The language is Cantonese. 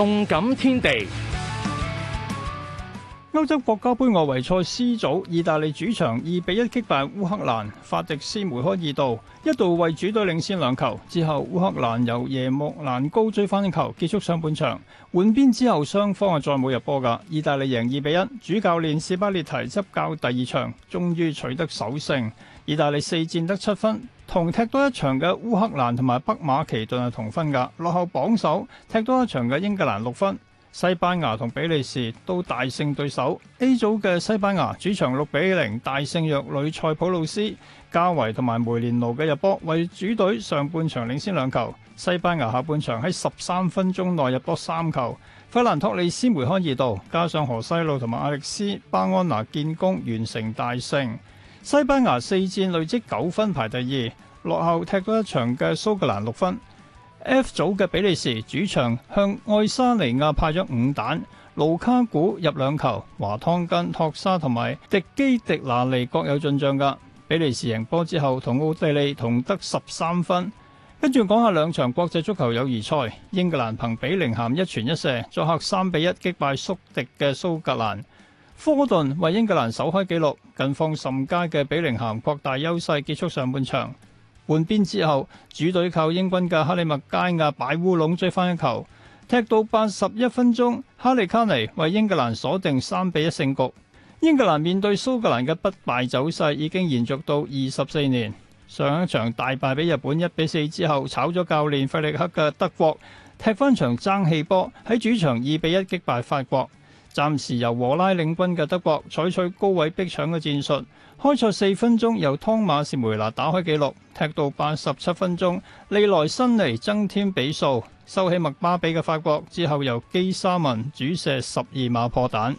動感天地。歐洲國家盃外圍賽 C 組，意大利主場2比1擊敗烏克蘭，法迪斯梅開二度，一度為主隊領先兩球，之後烏克蘭由耶莫蘭高追翻一球，結束上半場。換邊之後，雙方啊再冇入波噶。意大利贏2比1，主教練史巴列堤執教第二場，終於取得首勝。意大利四戰得七分，同踢多一場嘅烏克蘭同埋北馬其頓係同分噶，落後榜首踢多一場嘅英格蘭六分。西班牙同比利時都大勝對手。A 組嘅西班牙主場六比零大勝弱旅塞浦路斯，加維同埋梅連奴嘅入波為主隊上半場領先兩球。西班牙下半場喺十三分鐘內入波三球，費蘭托利斯梅開二度，加上荷西路同埋阿歷斯巴安拿建功，完成大勝。西班牙四戰累積九分排第二，落後踢多一場嘅蘇格蘭六分。F 組嘅比利時主場向愛沙尼亞派咗五彈，盧卡古入兩球，華湯根、托沙同埋迪基迪拿利各有進賬噶。比利時贏波之後同奧地利同得十三分。跟住講下兩場國際足球友誼賽，英格蘭憑比寧咸一傳一射，作客三比一擊敗宿敵嘅蘇格蘭。科頓為英格蘭首開紀錄，近況甚佳嘅比寧咸擴大優勢，結束上半場。換邊之後，主隊靠英軍嘅哈利麥佳亞擺烏龍追翻一球，踢到八十一分鐘，哈利卡尼為英格蘭鎖定三比一勝局。英格蘭面對蘇格蘭嘅不敗走勢已經延續到二十四年，上一場大敗俾日本一比四之後炒咗教練費力克嘅德國，踢翻場爭氣波喺主場二比一擊敗法國。暫時由和拉領軍嘅德國採取高位逼搶嘅戰術，開賽四分鐘由湯馬士梅拿打開紀錄，踢到八十七分鐘利來辛尼增添比數，收起麥巴比嘅法國之後由基沙文主射十二碼破蛋。